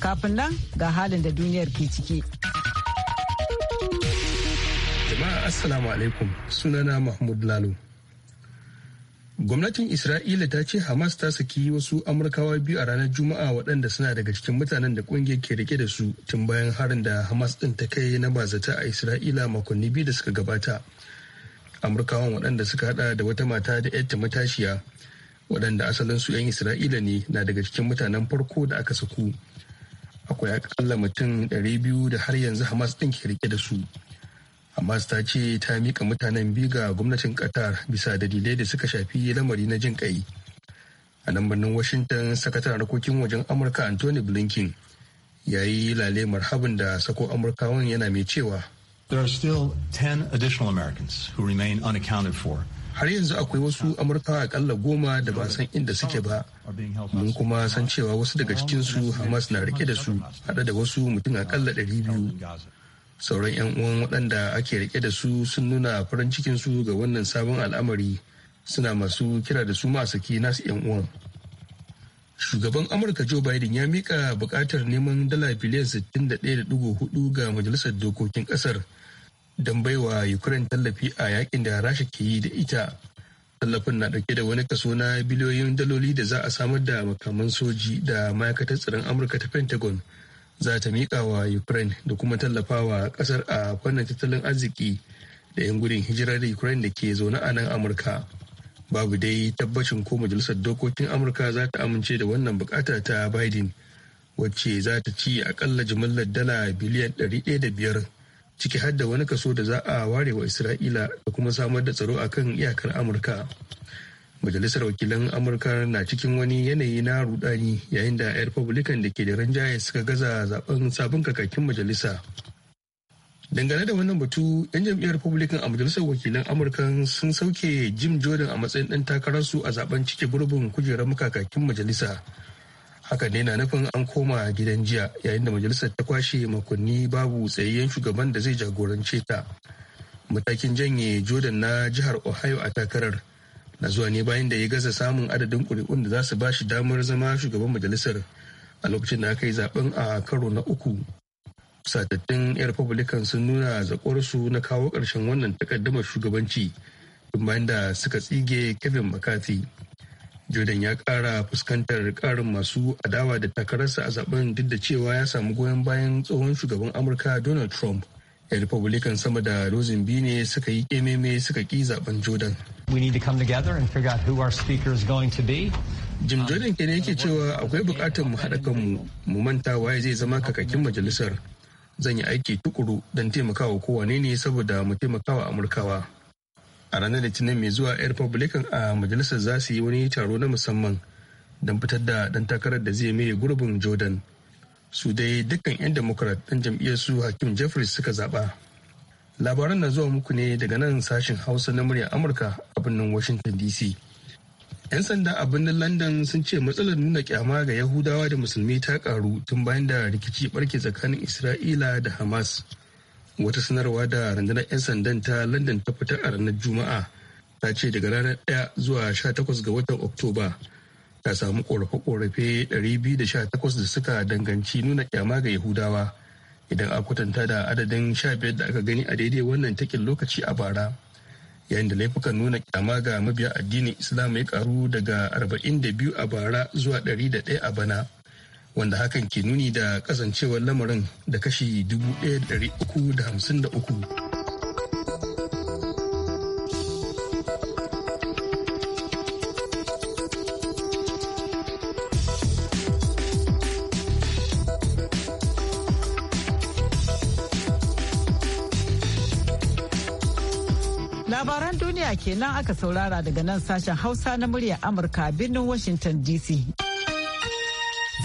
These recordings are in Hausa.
Kafin nan ga halin da duniyar ke ciki. Jama'a Assalamu alaikum sunana Mahmud Lalo. Gwamnatin Isra'ila ta ce Hamas ta saki wasu Amurkawa biyu a ranar Juma'a waɗanda suna daga cikin mutanen da ƙungiyar ke rike da su tun bayan harin da Hamas ɗin ta kai na bazata a Isra'ila makonni biyu da suka gabata. Amurkawan waɗanda suka haɗa da wata mata da 'yarta matashiya waɗanda asalinsu 'yan Isra'ila ne na daga cikin mutanen farko da aka saku. akwai akalla mutum 200 da har yanzu hamas ɗin ke rike da su hamas ta ce ta mika mutanen biyu ga gwamnatin qatar bisa dalilai da suka shafi lamari na jin kai a nan birnin washington sakataren harkokin wajen amurka anthony blinken ya yi lale marhabin da sako amurkawan yana mai cewa there are still 10 additional americans who remain unaccounted for har yanzu akwai wasu amurka akalla goma da ba san inda suke ba mun kuma san cewa wasu daga cikinsu hamas na rike da su hada da wasu mutum akalla ɗari biyu sauran 'yan uwan waɗanda ake rike da su sun nuna farin cikinsu ga wannan sabon al'amari suna masu kira da su masaki nasu 'yan uwan shugaban amurka joe biden ya mika bukatar neman dala biliyan 61.4 ga majalisar dokokin kasar don baiwa ukraine tallafi a yakin da rasha ke yi da ita tallafin na ɗauke da wani kaso na biliyoyin daloli da za a samar da makaman soji da ma'aikatar tsaron amurka ta pentagon za ta miƙa wa ukraine da kuma tallafawa ƙasar a fannin tattalin arziki da 'yan gudun hijirar ukraine da ke zaune a nan amurka babu dai tabbacin ko majalisar dokokin amurka za ta amince da wannan bukata ta biden wacce za ta ci akalla jimillar dala biliyan 105 ciki har da wani kaso da za a ware wa isra'ila da kuma samar da tsaro akan iyakar amurka majalisar wakilan amurka na cikin wani yanayi na rudani yayin da 'yan republican da ke da ranjaye suka gaza zaben sabon kakakin majalisa dangane da wannan batu 'yan jam'iyyar republican a majalisar wakilan amurka sun sauke jim jordan a matsayin ɗan takararsu a zaben cike gurbin kujerar makakakin majalisa haka ne na nufin an koma gidan jiya yayin da majalisar ta kwashe makonni babu tsayayyen shugaban da zai jagorance ta matakin janye jordan na jihar ohio a takarar na zuwa ne bayan da ya gaza samun adadin kuri'un da za su ba shi damar zama shugaban majalisar a lokacin da aka yi zaben a karo na uku satattun 'yan republican sun nuna zakwarsu na kawo ƙarshen wannan takaddamar shugabanci tun bayan da suka tsige kevin mccarthy jordan ya kara fuskantar karin masu adawa da takararsa a zaben duk da cewa ya samu goyon bayan tsohon shugaban amurka donald trump ya republican sama da dozin biyu ne suka yi kememe suka ki zaben jordan jim jordan kenan yake cewa akwai bukatar mu haɗa kanmu mu manta waye zai zama kakakin majalisar zan yi aiki tukuru don taimakawa kowane ne saboda mu taimakawa amurkawa a ranar litinin mai zuwa air republican a majalisar za su yi wani taro na musamman don fitar da dan takarar da zai mai gurbin jordan su dai dukkan 'yan democrat dan jam'iyyar su hakim jeffries suka zaba labaran na zuwa muku ne daga nan sashen hausa na muryar amurka a birnin washington dc 'yan sanda a birnin london sun ce matsalar nuna kyama ga yahudawa da musulmi ta karu tun bayan da rikici barke tsakanin isra'ila da hamas wata sanarwa da rundunar 'yan sandan ta london ta fitar a ranar juma'a ta ce daga ranar 1 zuwa 18 ga watan oktoba ta samu korafe-korafe 218 da suka danganci nuna kyama ga yahudawa idan a kwatanta da adadin 15 da aka gani a daidai wannan takin lokaci a bara yayin da laifukan nuna kyama ga mabiya addinin islam ya karu daga 42 a bara zuwa 101 a bana wanda hakan ke nuni da kasancewar lamarin da kashi 1,353 Labaran duniya kenan aka saurara daga nan sashen Hausa na muryar Amurka birnin Washington DC.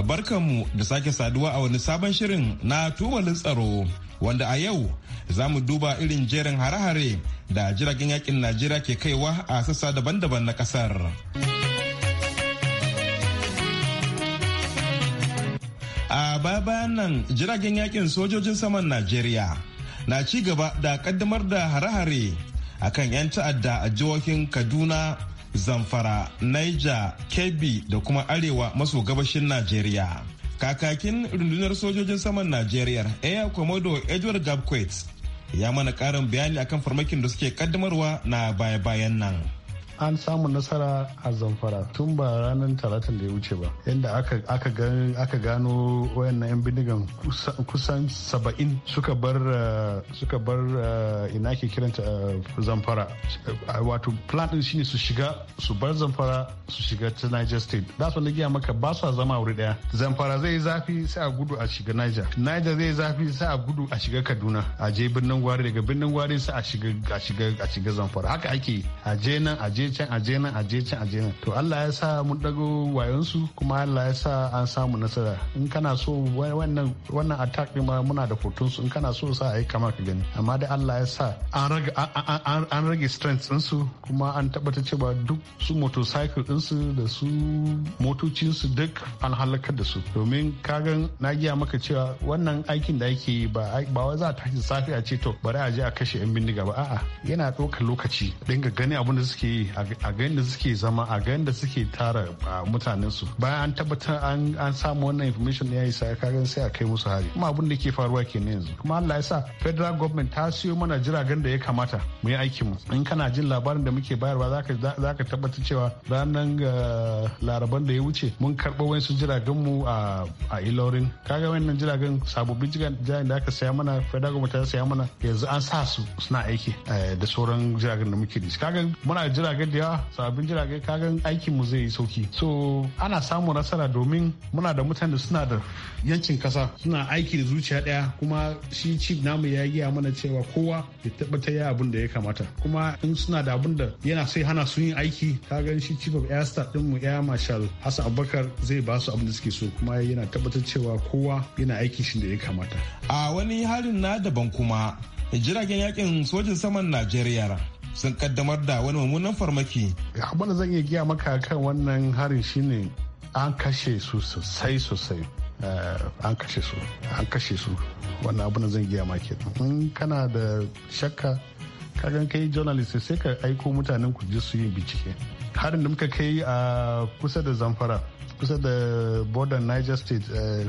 barkanmu da sake saduwa a wani sabon shirin na tubalin tsaro wanda a yau za mu duba irin jerin hare-hare da jiragen yakin najeriya ke kaiwa a sassa daban-daban na kasar a baya-bayan nan jiragen yakin sojojin saman najeriya na ci gaba da kaddamar da hare-hare akan 'yan ta'adda a jihohin kaduna zamfara niger kebbi da kuma arewa maso gabashin najeriya kakakin rundunar sojojin saman najeriya air commodore edward gabquet ya mana karin bayani akan farmakin da suke kaddamarwa na baya-bayan nan an samu nasara a zamfara tun ba ranar talatin da ya wuce ba yadda aka gano wayannan 'yan bindigan kusan saba'in suka bar eh, suka bar eh, ina ke kiranta eh, zamfara wato plan din shine su shiga su bar zamfara su shiga ta niger state da su gaya maka ba su zama wuri daya zamfara zai zafi sai a gudu a shiga niger niger zai zafi sai a gudu a shiga kaduna a je birnin gwari daga birnin gwari sai a shiga a shiga a shiga zamfara haka ake a je nan a je can aje nan aje can aje nan to Allah ya sa mun dago wayon su kuma Allah ya sa an samu nasara in kana so wannan wannan attack din ma muna da hoton su in kana so sa ai kama ka gani amma da Allah ya sa an rage an rage strength din su kuma an tabbata cewa duk su motorcycle din su da su motocin su duk an halakar da su domin kagan na giya maka cewa wannan aikin da ake ba ba wai za a tashi safi a ce to bari a je a kashe yan bindiga ba a'a yana ɗaukar lokaci dinga gani abin da suke yi a a ganin da suke zama a ganin da suke tara mutanen su bayan an tabbatar an samu wannan information ya yi sai kagan sai a kai musu hari kuma abin da ke faruwa ke ne yanzu kuma Allah ya sa federal government ta siyo mana jiragen da ya kamata mu yi aikin mu in kana jin labarin da muke bayarwa za ka tabbatar cewa ranar eh, laraban da ya wuce mun karɓo wasu jiragen mu a ilorin kaga wannan jiragen sabobin jiragen da aka saya mana federal government ta saya mana yanzu an sa su suna aiki eh, da sauran jiragen da muke da shi kaga muna jiragen kaga da yawa sabbin jirage kaga aikin mu zai yi sauki so ana samun nasara domin muna da mutane suna da yancin kasa suna aiki da zuciya daya kuma shi chief namu ya yi mana cewa kowa ya tabbatar ya abin da ya kamata kuma in suna da abin da yana sai hana su yin aiki kagan shi chief of air staff din mu ya marshal hasan Abubakar zai ba su abin da suke so kuma yana tabbatar cewa kowa yana aiki shi da ya kamata a wani harin na daban kuma jiragen yakin sojin saman Najeriya sun kaddamar da wani mummunan farmaki. abin da zan iya giya maka kan wannan harin shine an kashe su sosai sosai eh, an kashe su an kashe su wannan abin da zan giya maka in kana da shakka kagan kai journalist sai ka aiko mutanen ku je su yi bincike harin da muka kai a kusa da zamfara kusa da border niger state eh,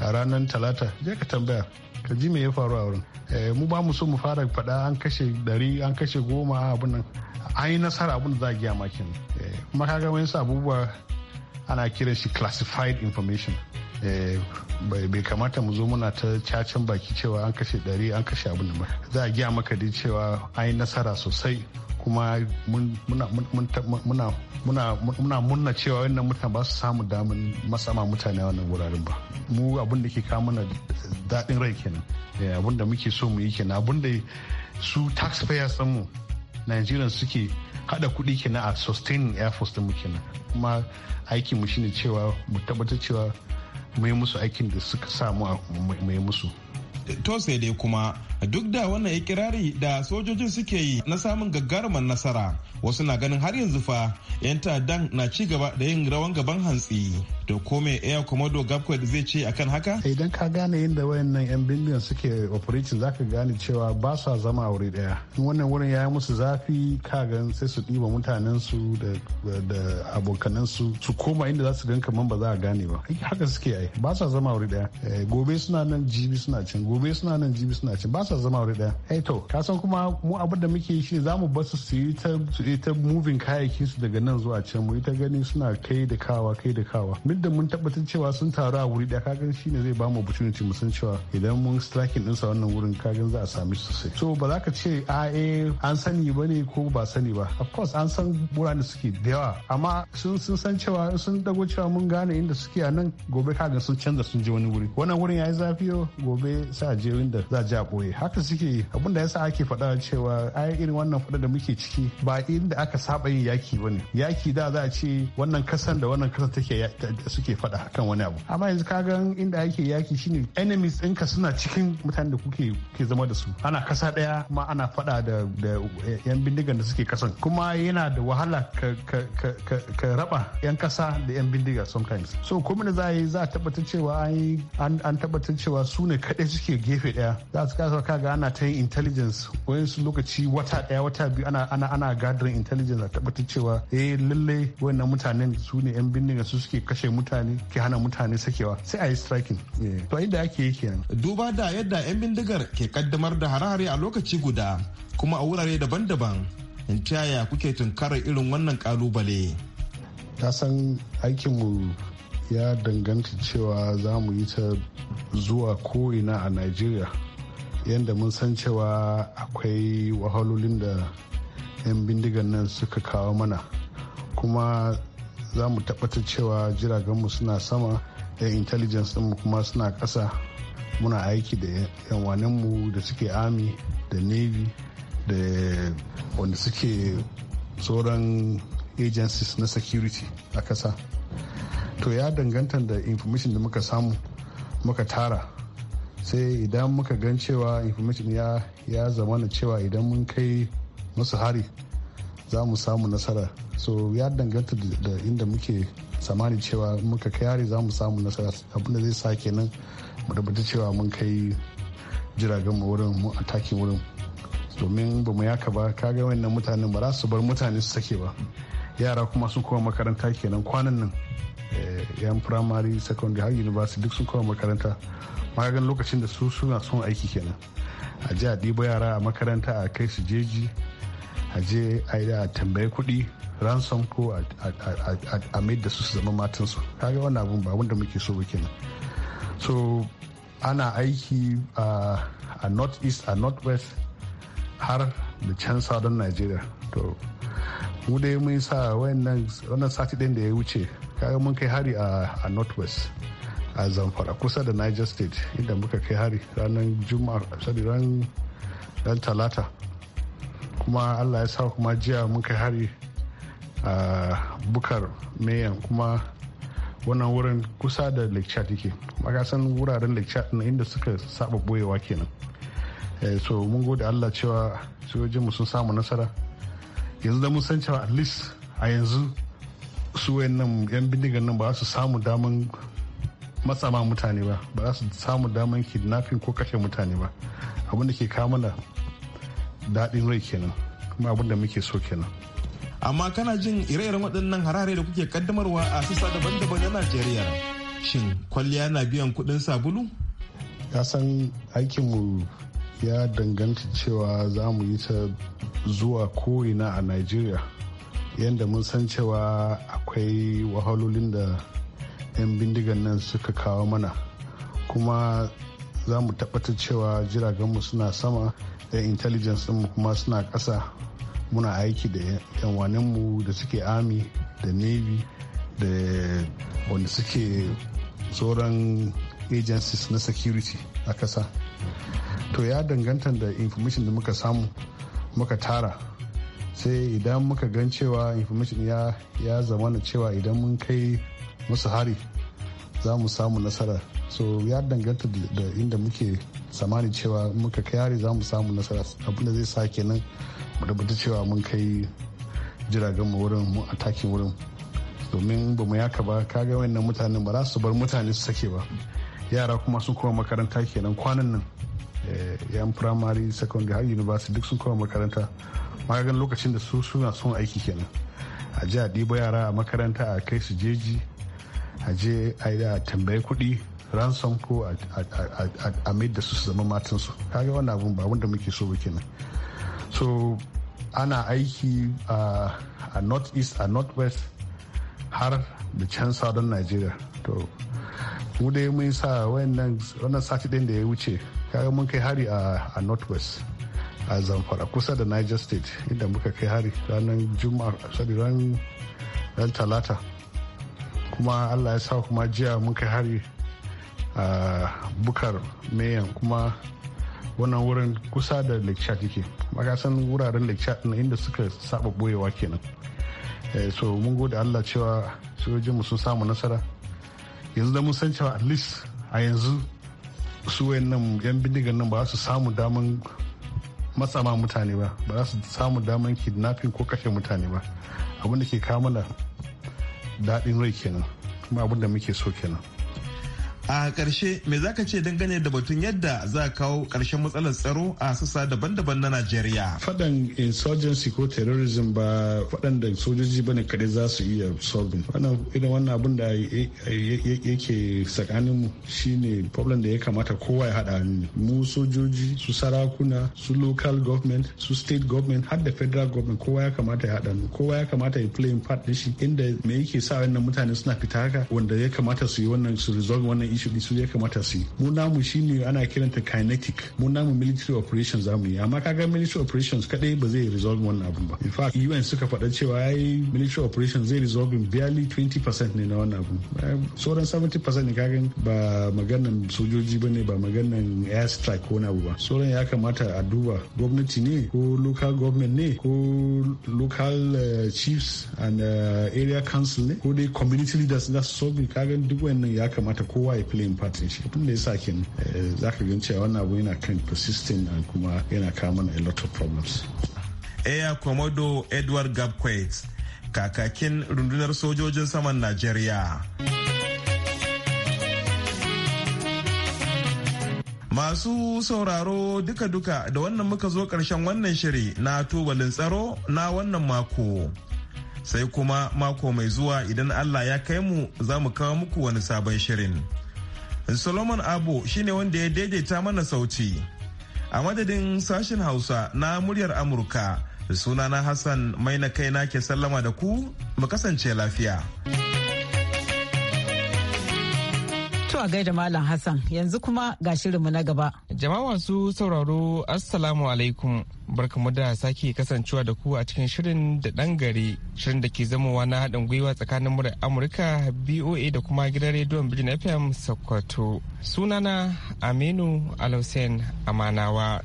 a ranar talata je ka tambaya ka ji me ya faru a wurin eh, mu ba mu so mu fara faɗa an kashe ɗari an kashe goma abin nan an yi nasara abin da za a giya makin eh, kuma ga wani abubuwa ana kiran shi classified information eh, bai kamata mu zo muna ta cacin baki cewa an kashe ɗari an kashe abin nan ba za a giya maka dai cewa an yi nasara sosai kuma muna murna cewa wannan mutane ba su samu damun masama mutane a wannan wuraren ba mu abin da ke kama mana daɗin rai kenan eh, abin da muke so mu yi kenan abin da su taxpayers mu Nigerians suke haɗa kuɗi kenan a sustaining air force muke kenan kuma aikin mu shine cewa mu tabbatar cewa mu yi musu aikin da suka samu mu yi musu to sai dai kuma duk da wannan ikirari da sojojin suke yi na samun gagarumar nasara wasu na ganin har yanzu fa 'yan ta'addan na ci gaba da yin rawan gaban hantsi to ko me air commodo gapquet zai ce akan haka idan ka gane wayan wayannan yan bindigan suke operating zaka gane cewa ba sa zama a wuri daya in wannan wurin ya yi musu zafi ka gan sai su ɗiba mutanen su da abokanan su su koma inda za su gan kaman ba za a gane ba haka suke ai ba sa zama a wuri daya eh, gobe suna nan jibi suna can gobe suna nan jibi suna can ba sa zama wuri daya eh to ka san kuma mu abin da muke shi za mu basu su yi ta su yi ta moving kayayyakin su daga nan zuwa can mu yi ta gani suna kai da kawa kai da kawa duk da mun tabbatar cewa sun taru a wuri da kagan shi ne zai ba mu opportunity mu san cewa idan mun striking dinsa wannan wurin kagan za a sami sosai so ba za ka ce a ah, eh, an sani ba ne ko ba sani ba of course an san wurare suke da yawa amma sun sun san cewa sun dago cewa mun gane inda suke a nan gobe kagan sun canza sun je wani wuri wannan wurin yayi zafi gobe a je inda za a je boye haka suke abin da yasa ake faɗa cewa ai irin wannan faɗa da muke ciki ba inda aka saba yin yaki bane yaki da za a ce wannan kasan da wannan kasan take suke faɗa kan wani abu amma yanzu ka gan inda ake yaki shine enemies ɗinka suna cikin mutanen da kuke ke zama da su ana kasa ɗaya kuma ana faɗa da yan bindigan da suke kasan kuma yana da wahala ka raba yan kasa da yan bindiga sometimes so kuma da za a yi za a tabbatar cewa an tabbatar cewa su ne kaɗai suke gefe daya. za su kasa kaga ana ta yin intelligence wayansu lokaci wata ɗaya wata biyu ana ana ana gathering intelligence a tabbatar cewa eh lalle wannan mutanen su ne yan bindiga su suke kashe mutane ke hana mutane sakewa sai a yi striking eh. to inda ake yi kenan duba da yadda yan bindigar ke kaddamar da hare a lokaci guda kuma a wurare daban-daban in taya kuke tunkarar irin wannan kalubale ta san aikinmu ya danganta cewa za mu yi ta zuwa ko'ina a nigeria yadda mun san cewa akwai wahalolin da 'yan bindigan nan suka kawo mana kuma za mu tabbatar cewa jiragenmu suna sama da intelligence ɗinmu kuma suna ƙasa muna aiki da mu da suke army da navy da wanda suke tsoron agencies na security a ƙasa to ya danganta da information da muka samu muka tara sai idan muka gan cewa information ya, ya zamana cewa idan mun kai musu hari za mu samu nasara so ya danganta da inda muke samani cewa muka kai hari za mu samu nasara abinda zai sa kenan mu tabbata cewa mun kai jiragen mu wurin mu ataki wurin domin ba mu yaka ba kaga wannan mutanen ba za su bar mutane su sake ba yara kuma sun koma makaranta kenan kwanan nan eh, yan primary secondary har university duk sun koma makaranta magagan lokacin da su suna son aiki kenan a ji a ɗiba yara a makaranta a kai su jeji a je a yi da tambayi kuɗi ransom ko a mai da su su zama matansu kaga wannan abun ba wanda muke so ba so ana aiki a north east a north west har da can southern nigeria to mu dai mun sa wannan sati ɗin da ya wuce kaga mun kai hari a north west a zamfara kusa da niger state inda muka kai hari ranar juma'a ran talata kuma allah ya sa kuma jiya muka hari a bukar mayan kuma wannan wurin kusa da lake chad yake san wuraren lake na inda suka saba boyewa kenan eh, so mun gode allah cewa sojojin mu sun samu nasara yanzu da mun san cewa at least a yanzu su wayannan yan bindigan nan ba su samu daman matsama mutane ba ba za su samu daman kidnapping ko kashe mutane ba abinda ke kamala daɗin rai kenan kuma abin da muke so kenan amma kana jin ire-iren waɗannan harare da kuke kaddamarwa a sassa daban-daban na najeriya shin kwalliya na biyan kuɗin sabulu ya san aikinmu ya danganta cewa za mu yi ta zuwa ko'ina a najeriya yadda mun san cewa akwai wahalolin da 'yan bindigan nan suka kawo mana kuma za mu tabbatar cewa jiragenmu suna sama da intelligence mu kuma suna ƙasa muna aiki da yanwaninmu da suke army da navy da wanda suke tsoron agencies na security a ƙasa to ya danganta da information da muka samu muka tara sai idan muka gan cewa information ya, ya zama na cewa idan mun kai musu hari za mu samu nasara so ya danganta da inda muke samani cewa muka kai hari za mu samu nasara abinda zai sa kenan mu tabbata cewa mun kai jiragen mu wurin mu takin wurin domin ba mu yaka ba kaga wannan mutanen ba za su bar mutane su sake ba yara kuma sun koma makaranta kenan kwanan nan eh, yan primary secondary har university duk sun koma makaranta magan lokacin da su suna son aiki kenan a ji a ɗiba yara a makaranta a kai su jeji a je a tambaye kuɗi ransom ko a da su zama matansu kaga wani abun ba wanda muke so ba kenan so ana aiki a north east a north west har da can southern nigeria to mu dai mun sa wannan sati ɗin da ya wuce kaga mun kai hari a north west a zamfara kusa da niger state inda muka kai hari ranar juma'a ran talata kuma allah ya sa kuma jiya mun kai hari a bukar mayan kuma wannan wurin kusa da lake chad yake wuraren lake na inda suka saba boyewa kenan eh, so mun gode allah cewa sojojinmu sun samu nasara yanzu da mun san cewa at least a yanzu su wayannan yan bindigan nan ba su samu daman matsama mutane ba ba za su samu daman kidnapping ko kashe mutane ba abinda ke kamala daɗin rai kenan kuma abinda muke so kenan a karshe me zaka ce dangane da batun yadda za a kawo karshen matsalar tsaro a sassa daban-daban na najeriya fadan insurgency ko terrorism ba fadan da sojoji bane kadai za su iya solving wannan irin wannan abin da yake tsakanin mu shine problem da ya kamata kowa ya hada mu sojoji su sarakuna su local government su state government har da federal government kowa ya kamata ya hada kowa ya kamata ya play part shi inda me yake sa wannan mutane suna fita haka wanda ya kamata su yi wannan su resolve wannan operation su ya kamata su yi mu namu shine ana kiranta kinetic mu namu military operations za mu yi amma kaga military operations kadai ba zai resolve wannan abun ba in fact UN suka faɗa cewa ai military operations zai resolve barely 20% ne na wannan abun sauran 70% ne kaga ba maganan sojoji ne ba maganan air strike ko na ba sauran ya kamata a duba gwamnati ne ko local government ne ko local eh, chiefs and eh, area council ne ko dai community leaders na solving kaga duk wannan ya kamata kowa ya playing part shi abin da eh, za ka gan cewa wannan abu yana kind persistent and kuma yana kawo mana a lot of problems. Air Komodo Edward Gabquet kakakin rundunar sojojin saman Najeriya. Masu sauraro duka-duka da wannan muka zo karshen wannan shiri na tubalin tsaro na wannan mako. Sai kuma mako mai zuwa idan Allah ya kai mu za mu kawo muku wani sabon shirin. solomon abu shine wanda ya daidaita mana sauti a madadin sashen hausa na muryar amurka sunana hassan mai na kaina ke sallama da ku mu kasance lafiya. To a gaida Malam Hassan yanzu kuma ga shirinmu na gaba. Jama'a masu sauraro Assalamu alaikum barkamu da sake kasancewa da ku a cikin shirin da ɗan gari shirin da ke zamowa na haɗin gwiwa tsakanin murar Amurka BOA da kuma gidan rediyon Bijin FM Sokoto. Sunana Aminu Alhussein Amanawa.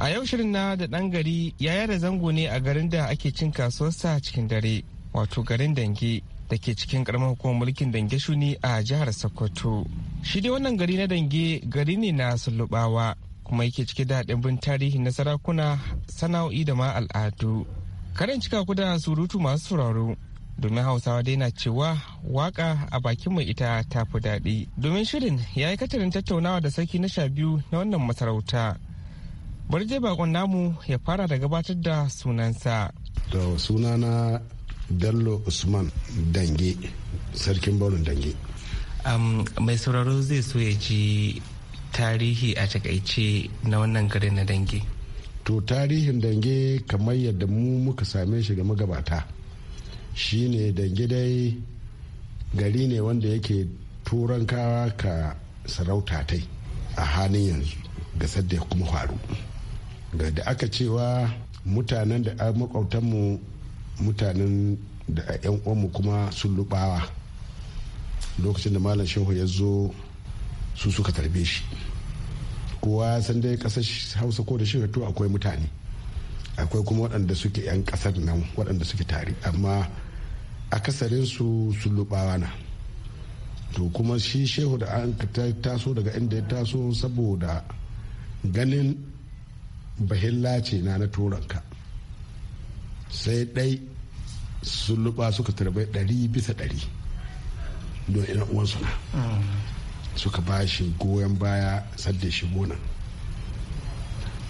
A yau shirin na da ɗan gari yaya da zango ne a garin da ake cin kasuwarsa cikin dare wato garin Dange. da ke cikin karamar hukumar mulkin dange shuni a jihar sokoto shi dai wannan gari na dange gari ne na sulubawa kuma yake cike da ɗimbin tarihi na sarakuna sana'o'i da ma al'adu karin cika ku surutu masu sauraro domin hausawa dai na cewa waka a bakin mai ita ta fi daɗi domin shirin ya yi katarin tattaunawa da sarki na sha biyu na wannan masarauta bari je bakon namu ya fara da gabatar da sunansa da sunana Dallo usman dange sarkin baunin dange mai sauraro zai so ya ji tarihi a takaice na wannan gari na dange to tarihin dange kamar yadda mu muka same shi ga magabata ne dange dai gari ne wanda yake turan kawa ka sarauta tai a hannun yanzu ga sadda kuma faru ga da aka cewa mutanen da mu. mutanen da 'yan uwanmu kuma sun lubawa lokacin da malam shehu ya zo su suka tarbe shi kowa san dai kasar hausa ko da shiratu akwai mutane akwai kuma waɗanda suke 'yan ƙasar nan waɗanda suke tare amma akasarin su sun lubawa na to kuma shi shehu da an taso daga inda ya taso saboda ganin bahilla ce na na turanka sai ɗai sun suka tarbai ɗari bisa ɗari don ina uwansu na suka ba shi goyon baya sadda shi gona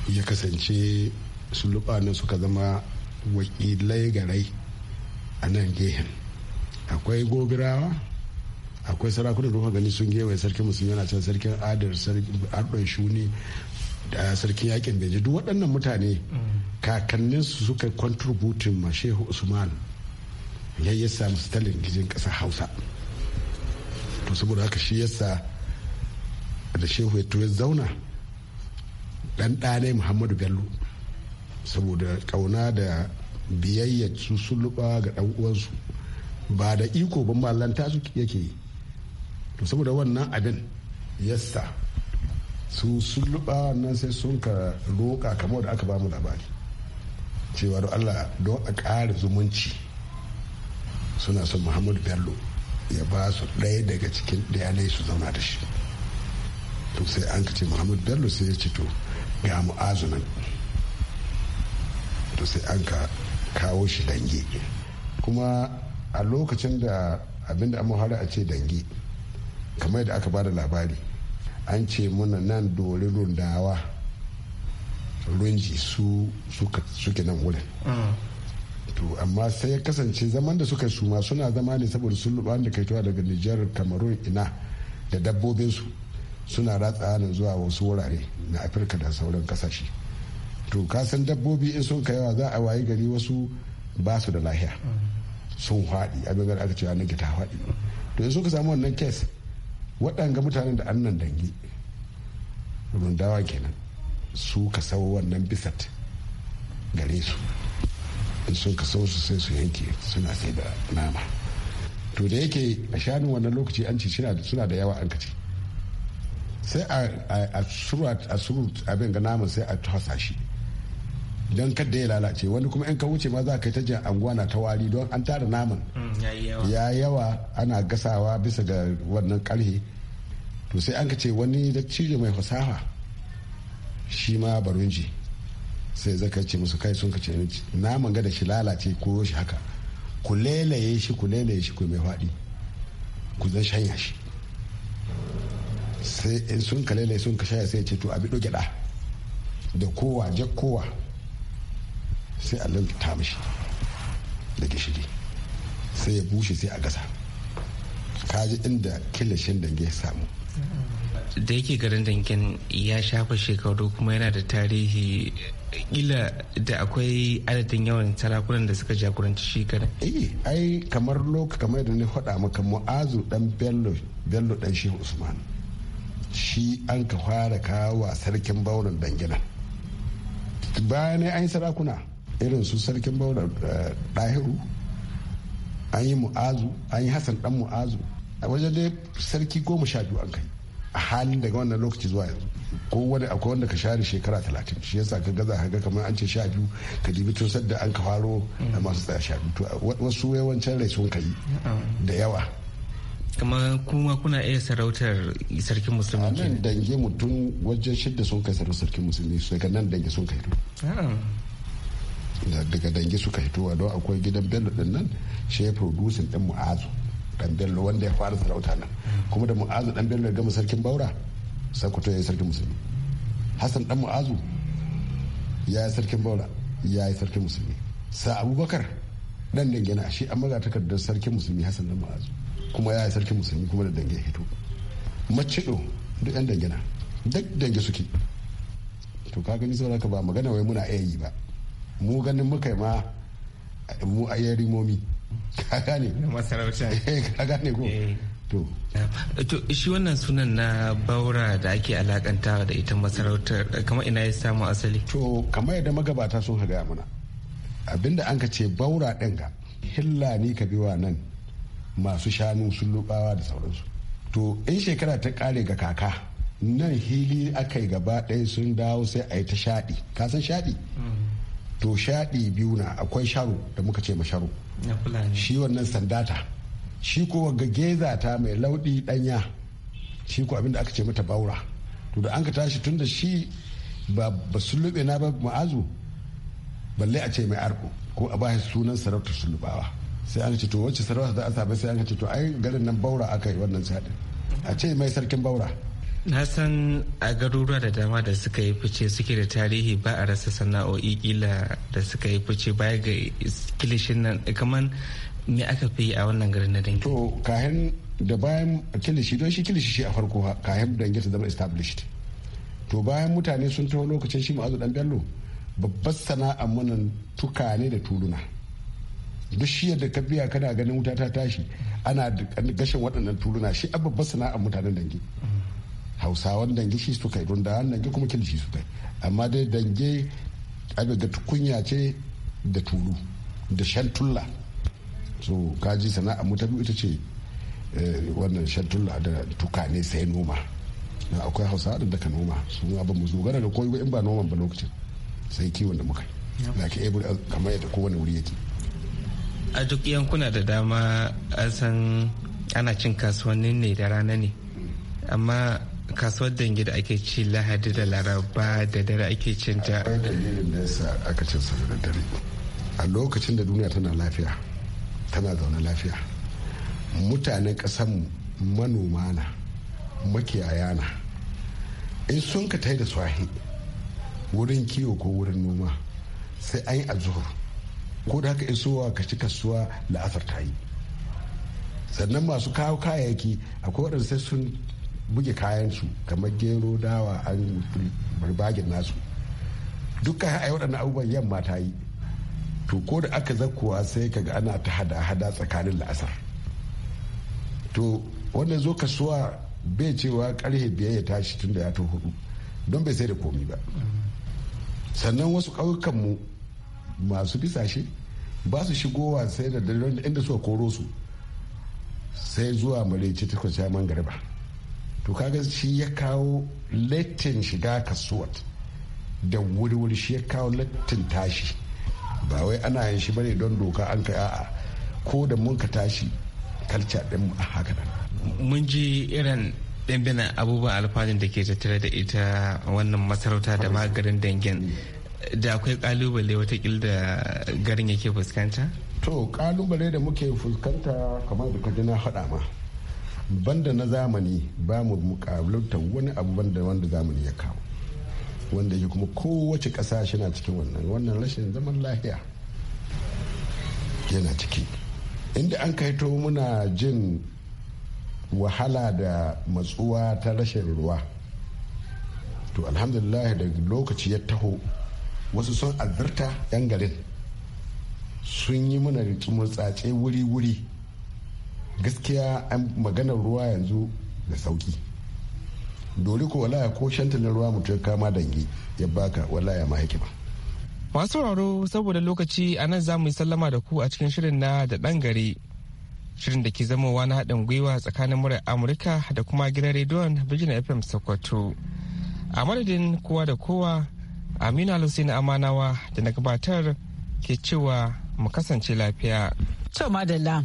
ya kasance sun luba nan suka zama wakilai garai a nan gehen akwai gobirawa akwai sarakunan ruwa gani sun gewaye sarkin musulmi yana can sarkin adar sarkin shuni da sarkin yakin beji duk waɗannan mutane kakannin su suka kontributin ma shehu usman ya yi samu stalin gijin ƙasa hausa to saboda haka shi yasa da shehu ya tuwe zauna ɗan ɗanai muhammadu bello saboda ƙauna da biyayyar su sulluɓa ga ɗan uwansu ba da iko ban mallanta su yake yi to saboda wannan abin yasa Sun sulluɓa nan sai sun ka roƙa kamar da aka ba mu labari cewa don allah don a ƙara zumunci suna son muhammadu bello ya ba su ɗaya daga cikin ɗayanai su zauna da shi to sai an ka ce muhammadu bello sai ya ce to ga mu'azu nan to sai an ka kawo shi dange kuma a lokacin da abinda an muhara a ce dange kamar da aka ba da labari an ce muna nan dori rundawa runji su suke nan wurin mm. to amma sai ya kasance zaman da suka suma suna zama ne saboda sun luba da kaitowa daga nijar kamarun ina da dabbobinsu suna ratsa nan zuwa wasu wurare na afirka da sauran kasashe to kasan dabbobi in sun kaiwa za a wayi gari wasu ba su da lahiya mm. sun haɗi abin aka cewa na gita haɗi to in suka samu wannan kes waɗanga mutanen da annan dangi dawa kenan su ka sau wannan bisat gare su in sun ka sau su sai su yanke suna sai da nama to da yake a shanin wannan lokaci an ce suna da yawa an kaci sai a surut abin ga naman sai a tasa shi don kadda ya lalace wani kuma in ka wuce ma za ka yi ta jan anguwa na ta wari don an tara naman mm, ya yawa ana gasawa bisa ga wannan karhe to sai an ka ce wani dattijo mai fasaha shi ma barunji sai zaka ce musu kai sun ka ce naman ga da shi lalace ko shi haka ku lelaye shi ku lelaye shi ku mai faɗi ku zan shanya shi sai in sun ka lelaye sun ka shanya sai ce to abi ɗo gyaɗa da kowa jakkowa. kowa sai a lalata mishi da gishiri sai ya bushe sai a gasa kaji inda killashin dange samu da yake garin dangin ya shafa shekaru kuma yana da tarihi kila da akwai adadin yawan sarakunan da suka jagoranci shi garin eh ai kamar loka kamar da ne faɗa maka mu'azu dan bello dan shi usman shi an ka fara kawo sarkin baunan danginan bayan an yi sarakuna irin su sarkin bauda eh, ɗahiru an yi mu'azu an yi hassan dan mu'azu a wajen dai sarki goma sha biyu an kai a halin daga wannan lokaci zuwa yanzu ko wani akwai wanda ka share shekara talatin shi yasa ka gaza ka ga kamar an ce sha biyu ka dibi tun sadda an ka faro mm. da masu tsaya sha biyu wasu yawancin rai sun kai da yawa kuma kuma kuna iya sarautar sarkin musulmi a nan dange mutum wajen shidda sun kai sarautar sarkin musulmi sai ka nan dange sun kai daga dangi suka a don akwai gidan bello din nan shi ya producing din mu'azu dan bello wanda ya fara sarauta nan kuma da mu'azu dan bello ya gama sarkin baura sakuto ya yi sarkin musulmi hassan dan mu'azu ya yi sarkin baura ya yi sarkin musulmi sa abubakar dan na shi an maga takardar sarkin musulmi hassan dan mu'azu kuma ya yi sarkin musulmi kuma da dange hito macido duk yan dangana duk dange suke to ka gani saboda ka ba magana wai muna iya yi ba mu ganin muka ma mu a yari momi ka ne kaga ne ko eh. Eh, to shi wannan sunan na baura da ake alakantawa da ita masarautar eh, kamar ina ya samu asali to kamar yadda magabata sun haga mana abinda an ka ce baura ɗin ga hilla ni ka biwa nan masu shanu sun lubawa da sauransu to in shekara ta kare ga kaka nan hili aka yi gaba ɗaya sun dawo sai a yi ta shaɗi Ka san shaɗi mm. to shaɗi biyu na akwai sharo da muka ce ma sharo shi wannan sandata shi ko ga geza ta mai lauɗi ɗanya shi ko abinda aka ce mata baura to da an ka tashi tun da shi ba sulluɓe na ba ma'azu balle a ce mai arko ko a bashi sunan sarautar sulubawa. sai an ce to wacce sarauta za a sa sai an ce to ai garin nan baura aka yi wannan shaɗin a ce mai sarkin baura na san a garuruwa da dama da suka yi fice suke da tarihi ba a rasa sana'o'i kila da suka yi fice baya ga kilishin nan kamar me aka fi a wannan garin na dangi to kayan da bayan kilishi don shi kilishi shi a farko kayan dangi ta zama established to bayan mutane sun taho lokacin shi ma'azu dan bello babbar sana'a munan tukane da tuluna duk shi yadda ka biya kana ganin wuta ta tashi ana gashin waɗannan tuluna shi a babbar sana'ar mutanen dangi hausawan dange shi suka yi rundawan dange kuma kilishi su kai amma dai dange abin da tukunya ce da tulu da shantulla so kaji sana'a mu ta biyu ita ce eh, wannan shantulla da tukane sai noma na akwai hausa da daga noma su abin mu zogara da koyi in ba noman ba lokacin sai kiwon da muka yi na kamar yadda kowane wuri yake a duk yankuna da dama an san ana cin kasuwannin ne da rana ne amma kasuwar dangi da ake ci lahadi da laraba da dare ake cin ta dalilin da yasa aka cin sa da dare a lokacin da duniya tana lafiya tana zaune lafiya mutanen kasan manoma na makiyaya na in sun ka tai da swahi wurin kiwo ko wurin noma sai an yi azuhur ko da haka isowa ka ci kasuwa la'asar ta yi sannan masu kawo kayayyaki akwai waɗanda sai sun buge kayansu kamar gero dawa an burbagin nasu dukkan yi waɗannan abubuwan yamma ta yi to ko da aka zakuwa sai ka ga ana ta hada-hada tsakanin la'asar to wanda zo kasuwa bai cewa karhe biyar ya tashi tun da ya to hudu don bai sai da komi ba sannan wasu ƙauyukanmu masu bisashe ba su shigowa sai da daren inda suka koro su sai zuwa mareci ta kwanciya gariba to kaga shi ya kawo lattin shiga kasuwar da wuri-wuri shi ya kawo latin tashi ba wai ana yin shi bane don doka an kai a'a ko da mun ka tashi kalcha din a haka nan mun ji irin ɗanbina abubuwan alfanun da ke tattare da ita wannan masarauta da maganin dangin da akwai kalubale wata da garin yake fuskanta to kalubale da muke fuskanta kamar da na hada ma banda na zamani ba mu mukabalta wani abu banda wanda zamani ya kawo wanda ya kuma kowace ƙasa na cikin wannan wannan rashin zaman lahiya yana ciki inda an kaito muna jin wahala da matsuwa ta rashin ruwa to alhamdulillah da lokaci ya taho wasu sun azurta 'yan garin sun yi mana tsace wuri-wuri gaskiya an maganar ruwa yanzu da sauki dole ko wala ko shanta na ruwa mutum kama dangi ya baka wala ya hikima masu sauraro saboda lokaci a nan za mu yi sallama da ku a cikin shirin na da ɗan gari shirin da ke zamowa na haɗin gwiwa tsakanin murar amurka da kuma gidan rediyon bijin fm sokoto a madadin kowa da kowa amina na amanawa da na gabatar ke cewa mu kasance lafiya. Cewa madalla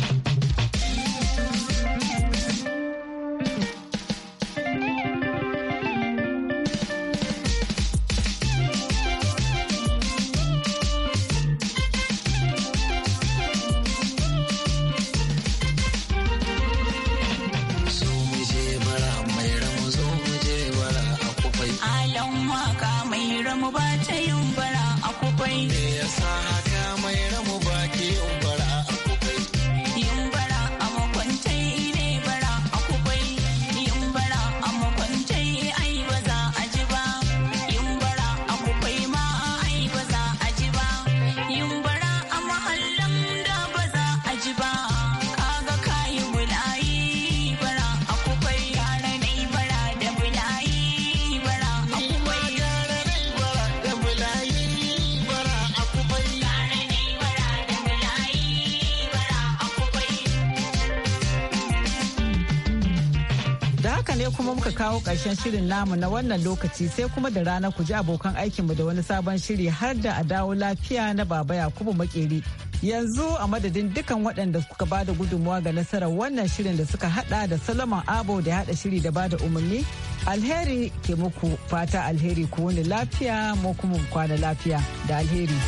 kuma muka kawo ƙarshen shirin namu na wannan lokaci sai kuma da rana ku ji abokan aikinmu da wani sabon shiri har da a dawo lafiya na baba yakubu makeri yanzu a madadin dukan waɗanda suka ba da gudunmuwa ga nasarar wannan shirin da suka hada da salaman abo da ya hada shiri da ba da umarni alheri ke muku fata alheri ku wani lafiya mu kuma kwana lafiya da alheri.